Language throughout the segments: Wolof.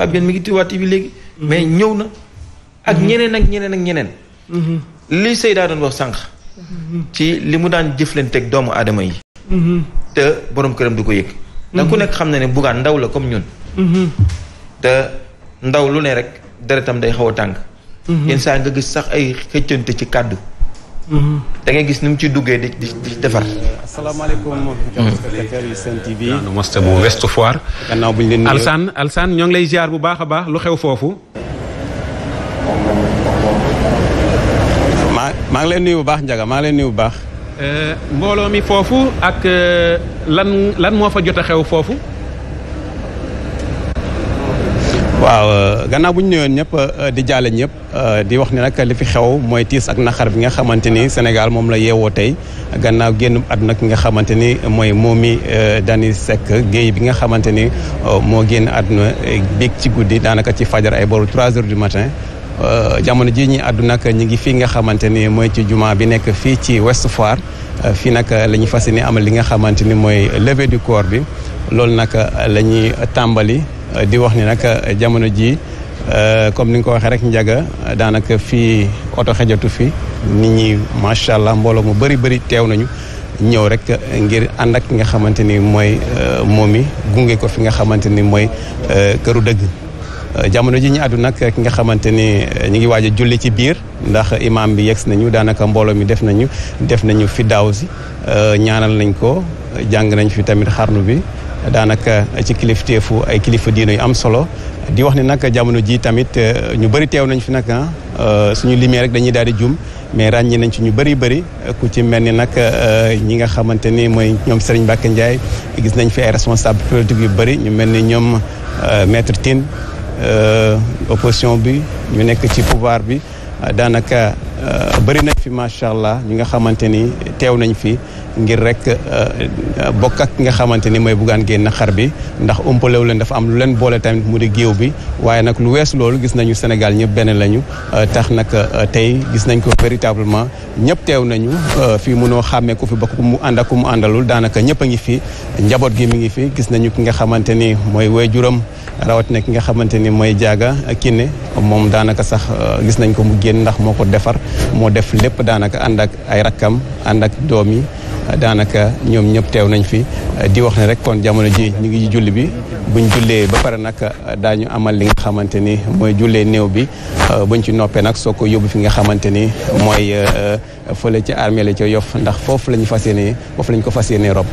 Pape Diène mi ngi Touba TV léegi. Mhm. mais ñëw na. ak mhm. ñeneen ak ñeneen ak ñeneen. Mhm. li daa doon wax sànq. ci li mu daan jëflanteeg doomu aadama yi. te borom këram du ko yëg. ndax ku nekk xam na ne bugaan ndaw la comme ñun. te ndaw lu ne rek deretam day xaw a tàng. yenn nga gis sax ay xëccante ci kàddu. Mm-hmm. da nga gis ni mu ci duggee di di defar. asalaamaaleykum. téléspectateurs yi Sen TV. mos bu Ouest Foire. gannaaw bu ñu leen Alsaan Alsaan ñoo ngi lay ziar bu baax a baax lu xew foofu. maa maa ngi lay nuy bu baax Ndiaga maa ngi leen nuyu bu baax. Euh, mbooloo mi foofu ak euh, lan lan moo fa jot a xew foofu. waaw euh, gannaaw bu ñu ñëwoon ñëpp euh, di jaale ñëpp euh, di wax ne nag li fi xew mooy tiis ak naqar bi nga xamante ni Sénégal moom la yeewoo tey gannaaw génn àdduna ki nga xamante ni mooy Momy Dany Seck Guèye bi nga xamante ni moo génn àdduna béeg ci guddi daanaka ci fajar ay boru 3 heures du matin jamono ji ñi àdduna nag ngi fii nga xamante ni mooy ci jumaa bi nekk fii ci Ouest Foire fii nag la ñuy fas yéene amal li nga xamante ni mooy levée du corps bi loolu nag la ñuy tàmbali di wax ni nag euh, jamono ji euh, comme ni nga ko waxee rek njaga daanaka fii oto xejatu fi nit ñi macha allah mbooloo mu bari bari teew nañu ñëw rek ngir ànd ak ki nga xamante ni mooy euh, moom mi gunge ko fi nga xamante ni mooy këru dëgg jamono ji ñu àddu nag ki nga xamante ni ñu ngi waaj a julli ci biir ndax imam bi yegg nañu daanaka mbooloo mi def nañu def nañu fi daaw si ñaanal nañ ko jàng nañ fi tamit xarnu bi daanaka ci fu ay kilifa diina yu am solo di wax ni nag jamono ji tamit euh, ñu bëri teew nañ fi nag ah, euh, suñu limee rek dañuy daal di jum mais ràññee nañ ci ñu bari bëri ku ci mel ni nag euh, ñi nga xamante ni mooy ñoom Serigne Mbacké Ndiaye gis nañ fi ay responsable politique yu bëri ñu mel ni ñoom maître Tine opposition bi ñu nekk ci pouvoir bi daanaka Euh, bëri nañ fi macha allah ñi nga xamante ni teew nañ fi ngir rek euh, euh, bokk ak nga xamante ni mooy Bougane génn xar bi ndax umpalewu leen dafa am lu leen boole tamit mu di géew bi waaye nag lu wees loolu gis nañu Sénégal ñëpp benn lañu tax nag tey gis nañ ko véritablement ñëpp teew nañu fii noo xàmmee ku fi bokk mu ànd ak ku mu àndalul daanaka ñëpp a ngi fi njaboot gi mi ngi fi gis nañu ki nga xamante ni mooy waajuram rawatina ki nga xamante ni mooy jaaga kinne moom daanaka sax gis nañ ko mu génn ndax moo ko defar moo def lépp daanaka ànd ak ay rakkam ànd ak doom yi daanaka ñoom ñëpp teew nañ fi di wax ne rek kon jamono ji ñu ngi julli bi buñ jullee ba pare nag daañu amal li nga xamante ni mooy jullee néew bi buñ ci noppee nag soo ko yóbbu fi nga xamante ni mooy eh, fële ci armée la ca yof ndax foofu la ñu fas yéenee foofu la ñu ko fas yéenee rob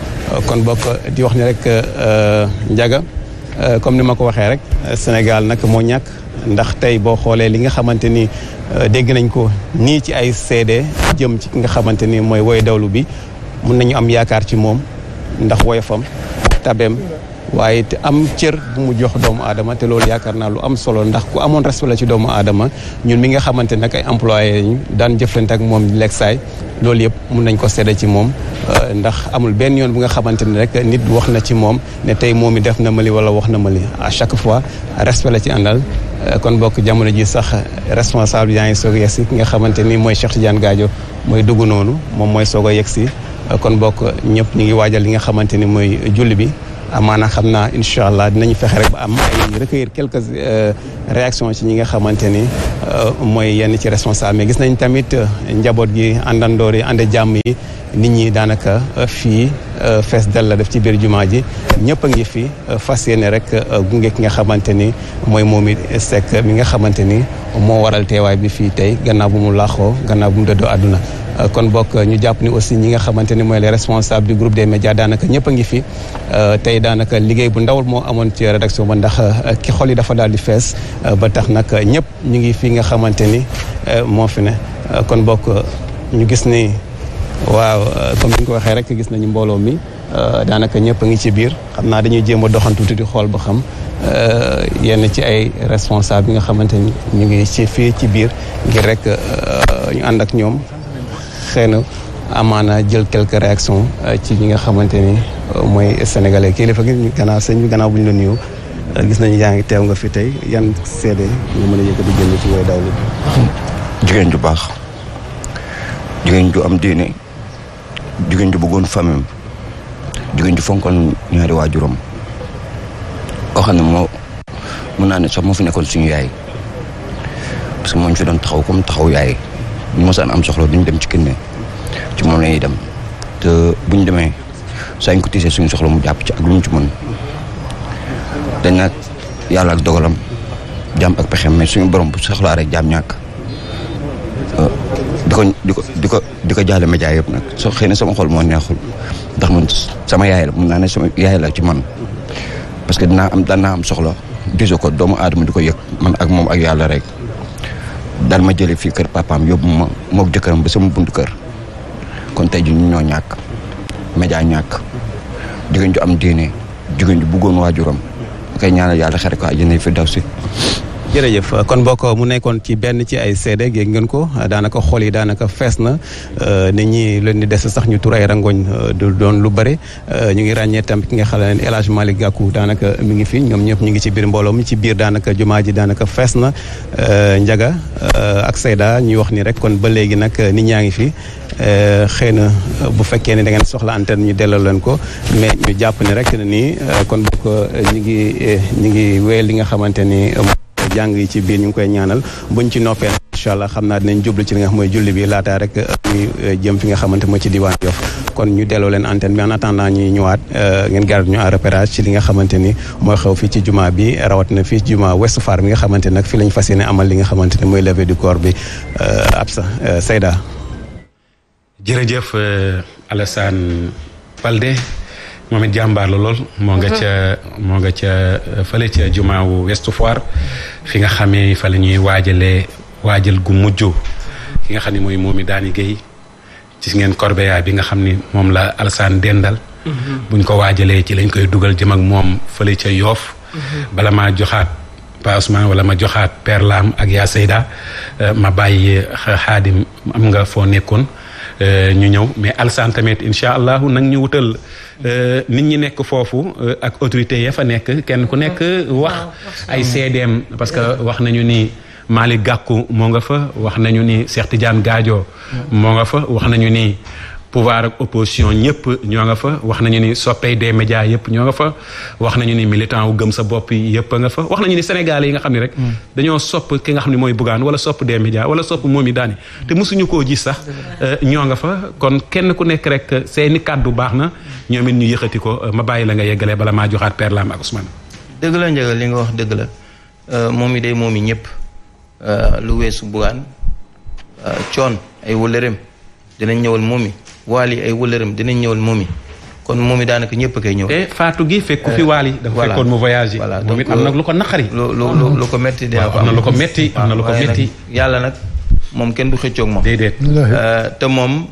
kon bokk di wax ne rek eh, njaga Euh, comme ni ma ko waxee rek Sénégal nag moo ñàkk ndax tey boo xoolee li nga xamante ni euh, dégg nañ ko nii ci ay seede jëm ci ki nga xamante ni mooy woy dawlu bi mun nañu am yaakaar ci moom ndax woyofam tabeem waaye am cër bu mu jox doomu aadama te loolu yaakaar naa lu am solo ndax ku amoon respect la ci doomu aadama ñun mi nga xamante nag ay employé lañu daan jëflante ak moom lekk loolu yëpp mun nañ ko sedda ci moom euh, ndax amul benn yoon bu nga xamante ni rek nit wax na ci moom ne tey moom i def na mali wala wax na mali à chaque fois respect la ci àndal euh, kon bokk jamono ji sax responsable yaa ngi soog a si ki nga xamante ni mooy Cheikh Tidiane Gadio mooy dugg noonu moom mooy soog a yegg si euh, kon bokk ñëpp ñu ngi waajal li nga xamante ni mooy julli bi amaana xam naa incha allah dinañu fexe rek ba am ay recueillir quelques euh, réactions ci ñi nga xamante ni euh, mooy yenn ci responsable mais gis nañ tamit euh, njaboot gi àndandoor yi ànd jàmm yi nit ñi daanaka fii Euh, fees dell def ci biir jumaa ji ñëpp a ngi fi euh, fas yéene rek euh, gunge ki nga xamante ni mooy moom it Seck mi nga xamante ni moo waral teewaay bi fii tey gannaaw bu mu laaxoo gannaaw bu mu dëddoo àdduna kon bokk ñu jàpp ni aussi ñi nga xamante ni mooy les responsables du groupe daanaka ñëpp ngi fi tey daanaka liggéey bu ndawul moo amoon ci rédaction ba ndax ki xol yi dafa daal di fees ba tax nag ñëpp ñu ngi fi nga xamante ni moo fi ne kon bokk ñu gis ni waaw euh, comme ni nga ko waxee rek gis nañu mbooloo mi euh, daanaka ñëpp a ngi ci biir xam naa dañuy jéem a doxantu tuuti xool ba xam euh, yenn ci ay responsable yi nga xamante ni ñu ngi ci fii ci biir ngir rek ñu ànd ak ñoom xëy na amaana jël quelques réactions ci ñi nga xamante ni mooy sénégalais kilifa gi gannaaw sëñ bi gannaaw bu ñu la nuyu gis nañu yaa ngi teew nga fi tey yan seede nga mën a yëkkati jënd ci wooy daaw jigéen ju baax jigéen ju am diine jigéen ju bëggoon famille jigéen ju fonkoon ñaari waajuram koo xam ne moo mën naa ne sax moo fi nekkoon suñu yaay parce moo fi doon taxaw kom taxaw yaay ñu mosaan am soxlo duñ dem ci kenn ci moom la dem te buñ demee saa ñu ko tiisee suñu soxla mu jàpp ci ak lu mu ci mën dañ nag yàlla ak dogalam jaam ak pexem mais suñu borom bu soxlaa rek jaam ñàkk di ko di ko di ko di ko jaale média yëpp nag soo xëy na sama xol moo neexul ndax man sama yaay la mun naa ne sama yaay la ci man parce que dinaa am daan naa am soxla diso ko doomu aadama di ko yëg man ak moom ak yàlla rek daan ma jële fii kër papaam yóbbu ma mook jëkkëram ba sama buntu kër kon tey ji ñu ñoo ñàkk média ñàkk jigéen ju am diine jigéen ju buggoon waajuram koy ñaanal yàlla xare ko àjjana fi daw si jërëjëf kon mbokk mu nekkoon ci benn ci ay sede géeg ngeen ko daanaka xool yi daanaka fees na euh, ni ñi leen di des sax ñu tura ay rangoñ euh, doon lu bëri euh, ñu ngi ràññee tam ki nga xam ne élage Hadj Malick daanaka mi ngi fi ñoom ñëpp ñu ngi ci biir mbooloo mi ci biir daanaka jumaa ji daanaka fees na njaga ak Seyda ñuy wax ni rek kon ba léegi nag nit ñaa ngi fi xëy na bu fekkee ne da ngeen soxla antenne ñu delloo leen ko mais ñu jàpp ni rek nii kon bokk ñu ngi ñu ngi wéyal li nga xamante ni jàng yi ci biir ñu ngi koy ñaanal buñ ci noppee nag incha allah xam naa dinañ jublu ci li nga xam mooy julli bi laataa rek euh, euh, jëm fi nga xamante moo ci diwaan Yoff kon ñu delloo leen antenne bi en attendant ñuy ñëwaat euh, ngeen garde ñu en ci li nga xamante ni mooy xew fii ci jumaa bi rawat na fii jumaa Ouest faar bi nga xamante nag fii lañ fas yéene amal li nga xamante ne mooy levée du corps bi Absa Seyda jërëjëf Alassane Balde moom it jàmbaar la lool. moo nga ca moo nga ca fële ca jumaawu West Foire fi nga xame fa la ñuy waajalee waajal gu mujj ki nga xam ne mooy moom i daani géey ci ngeen corbeya bi nga xam ni moom la alsaan dendal. Mhm. buñ ko waajalee ci lañ koy dugal jëm ak moom fële ca yoof mhm. bala maa joxaat passement wala ma joxaat perlam ak yaa Seyda ma bàyyi xaadim am nga foo nekkoon. Euh, ñu ñëw mais alsan tamit incha allahu nag ñu wutal euh, nit ñi nekk foofu euh, ak autorité ya fa nekk kenn ku nekk wax ay seedeem parce que wax nañu ni maali gàkku moo nga fa wax nañu ni Cheikh Tidiane Gadio moo nga fa wax nañu ni pouvoir ak opposition ñëpp ñoo nga fa wax nañu ni soppey des médias yëpp ñoo nga fa wax nañu ni militant wu gëm sa bopp yëpp nga fa wax nañu ni Sénégal yi nga xam ne rek mm. dañoo sopp ki nga xam ne mooy Bougane wala sopp des médias wala sopp moom yi daani te mosuñu koo gis sax euh, ñoo nga fa kon kenn ku nekk rek euh, seeni kàddu baax na ñoom it ñu yëkkati ko euh, ma bàyyi la nga yeggalee bala maa joxaat Père Lam ak Ousmane dëgg la njëgal li nga wax dëgg la moom yi de moom yi ñëpp lu weesu Bougane coon ay wëlëreem dinañ ñëwal moom yi waal yi ay wëlëram dinañ ñëwal moomi kon moomi daanaka ñëpp a koy ñëw. te eh, faatu gi fekku fi eh, waali. dafa fekkoon mu voyagé. voilà moom it am na lu ko naqari. lu lu lu ko metti dina ko am ko metti am na lu ko metti yàlla nag moom kenn du xëccoog moom. déedéet euh, te moom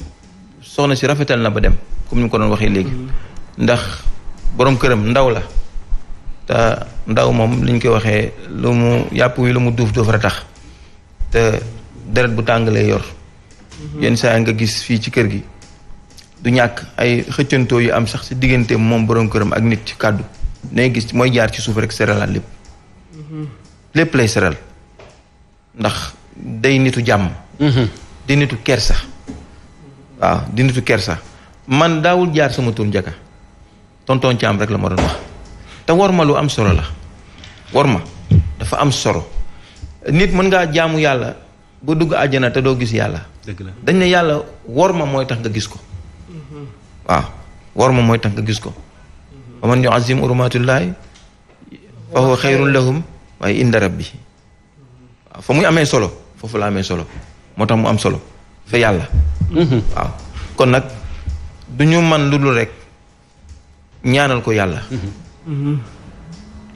soxna si rafetal na ba dem comme ni ko doon waxee léegi. ndax boroom këram ndaw la ndaw moom li ñu koy waxee lu mu yàpp wi lu mu duuf duuf ra tax te deret bu tàng yor. Mhm. yenn saa nga gis fii ci kër gi. du ñàkk ay xëccantoo yu am sax si diggante moom borom këram ak nit ci kàddu dangay gis mooy jaar ci suuf rek seralaat lépp mm-hmm. lépp lay seral ndax day nitu jàmm mm-hmm. di nitu kersa waaw di nitu kersa man daawul jaar sama tur njaka tonton ci am rek la ma doon wax te war ma lu am solo la war ma dafa am solo nit mën ngaa jaamu yàlla boo dugg àjjana te doo gis yàlla dañ ne yàlla war ma mooy tax nga gis ko waaw ah, war moom mooy tax nga gis ko wa man yuazim urumatullahi fa huwa waaye inda rabbi waaw fa muy amee solo foofu la amee solo moo tax mu am solo fa yàlla mhm. waaw kon nag du ñu man lu dul rek ñaanal ko yàlla mhm. Mhm.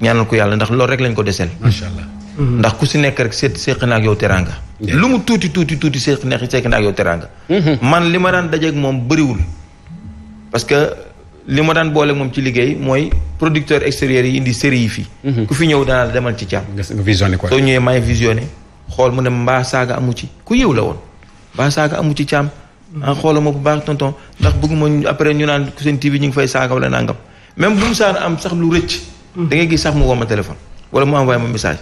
ñaanal ko yàlla ndax loolu rek lañ ko deseel macha ndax ku si nekk rek seet seeq na ak yow teranga lu mu tuuti tuuti tuuti seeq nekk seeq ak yow teranga man li ma daan dajeeg moom bëriwul parce que li ma daan boole moom ci liggéey mooy producteur extérieur yi indi série yi fii. Mhm. ku fi ñëw daanaka demal ci Thiam. nga visionné quoi soo ñëwee may visionné xool mu ne mbaa saaga amu ci ku yëw la woon mbaa saaga amu ci Thiam. Mhm. ah xoolal ma bu baax tonton ndax bëgguma après ñu naan seen TV ñu ngi fay saaga wala nangam même bu mu saan am sax lu rëcc. Mhm. da ngay gis sax mu woo ma téléphone wala mu envoyé ma message.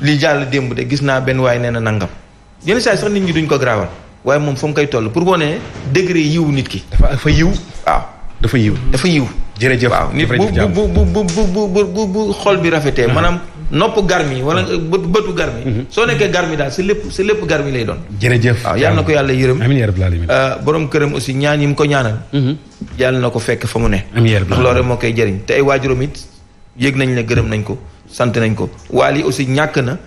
li jàll démb de gis naa benn waay nee na nangam yenn saa sax nit ñi duñ ko graawal. waaye moom fa mu koy toll pour wane degré yiw nit ki. dafa dafa yiw. waaw dafa yiw. dafa yiw. jërëjëf waaw nit bu bu bu bu bu xol bi rafetee. Mhm. maanaam nopp garmi wala mhm. bët bëtu garmi. Mhm. soo nekkee garmi daal si lépp si lépp garmi lay doon. jërëjëf waaw yal na ko yàlla yërëm. amiin yaa rabbal aalamiin euh, borom këram aussi ñaan yi mu ko ñaanal. yàlla na ko fekk fa mu ne. amiin yaa rabbal aalamiin moo koy jariñ te ay waajuram yëg nañ ne gërëm nañ ko sant nañ ko waali aussi ñàkk na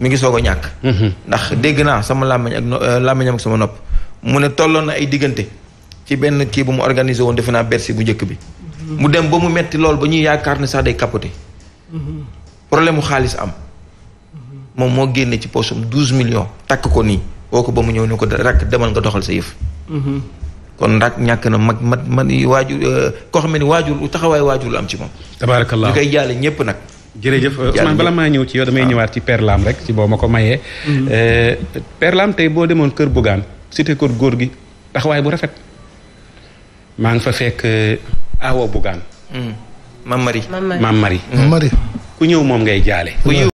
mi ngi soog a ñàkk. Mhm. ndax dégg naa sama làmmiñ ak euh, làmmiñam ak sama nopp mu ne tolloon na ay diggante ci benn kii bu mu organisé woon defe naa bersi bu njëkk bi. Mhm. mu dem ba mu metti lool ba ñuy yaakaar ne sax day capoter. Mhm. problème mu xaalis am. moom moo génne ci poosam douze million takk ko nii woo ko ba mu ñëw ne ko rakk demal nga doxal sa yëf. kon rak ñàkk na mag mag man waajur euh, koo xam ne waajur taxawaay waajur am ci moom. tabaarakallah ñu koy ñëpp nag. jërëjëf Ousmane bala maa ñëw ci yow damay ah. ñëwaat ci perlam rek ci boo ma ko mayee. Mhm. Euh, perlam tey boo demoon kër Bougane cité kër góor gi taxawaay bu rafet maa ngi fa fekk euh, awo Bougane. Mhm. Mam Marie Mam Marie. Mhm. ku ñëw moom ngay jaale.